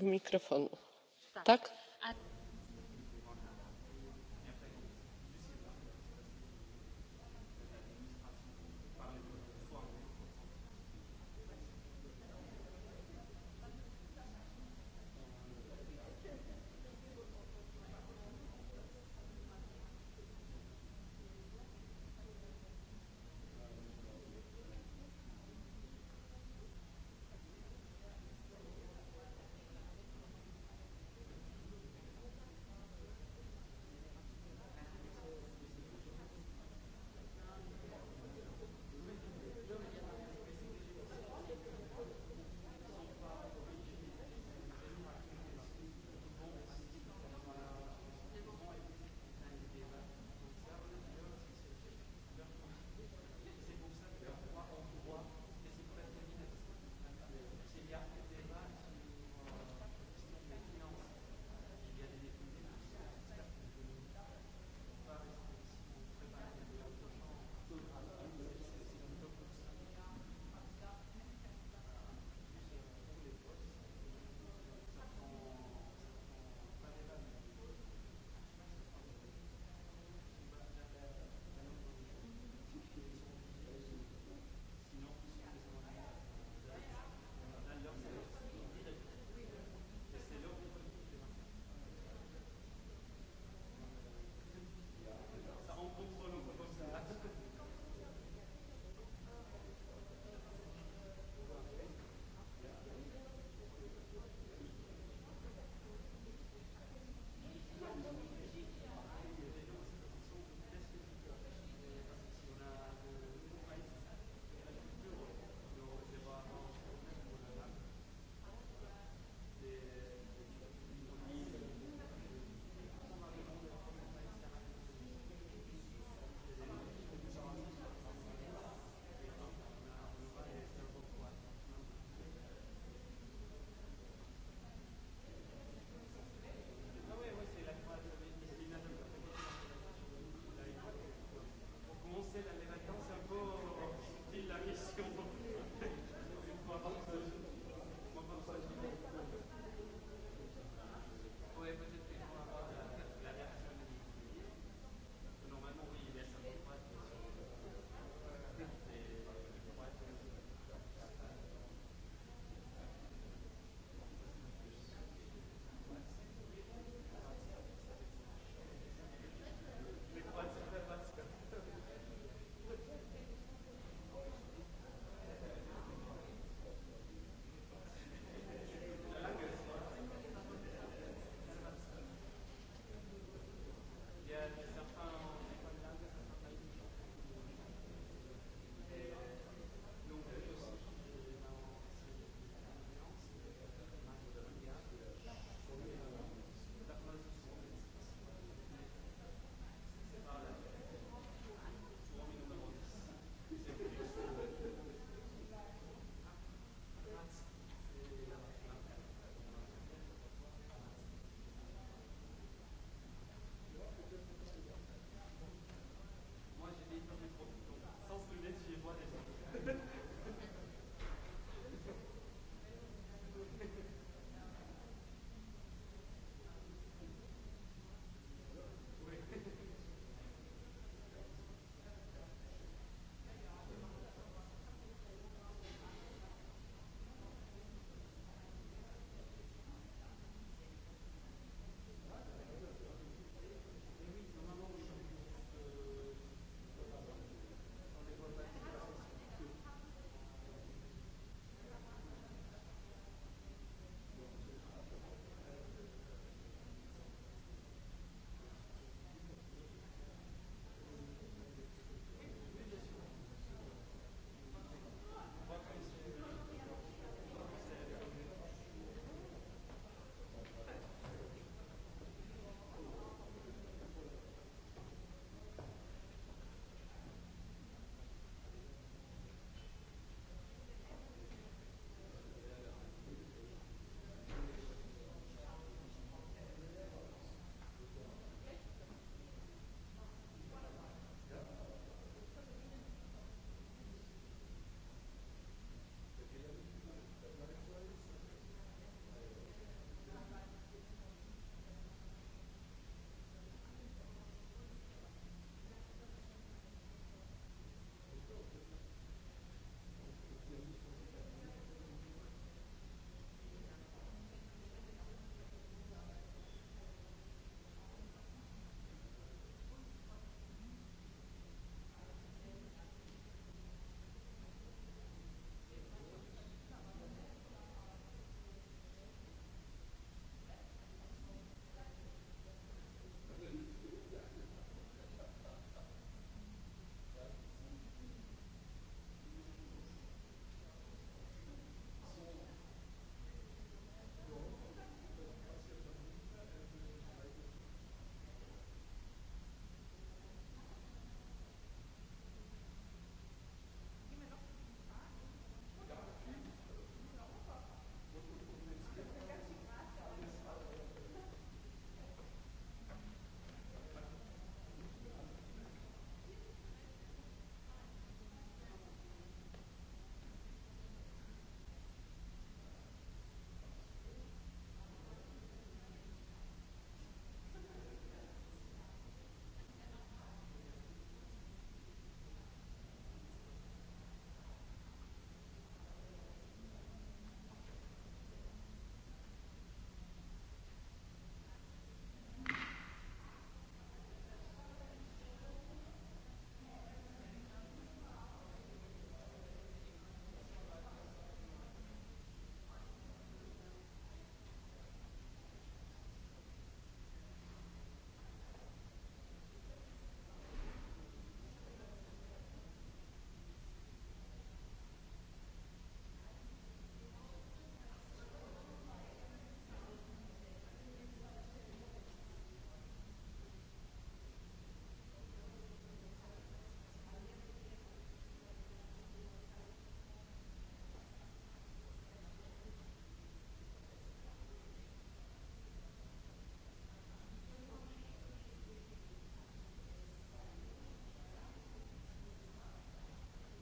mikrofonu tak?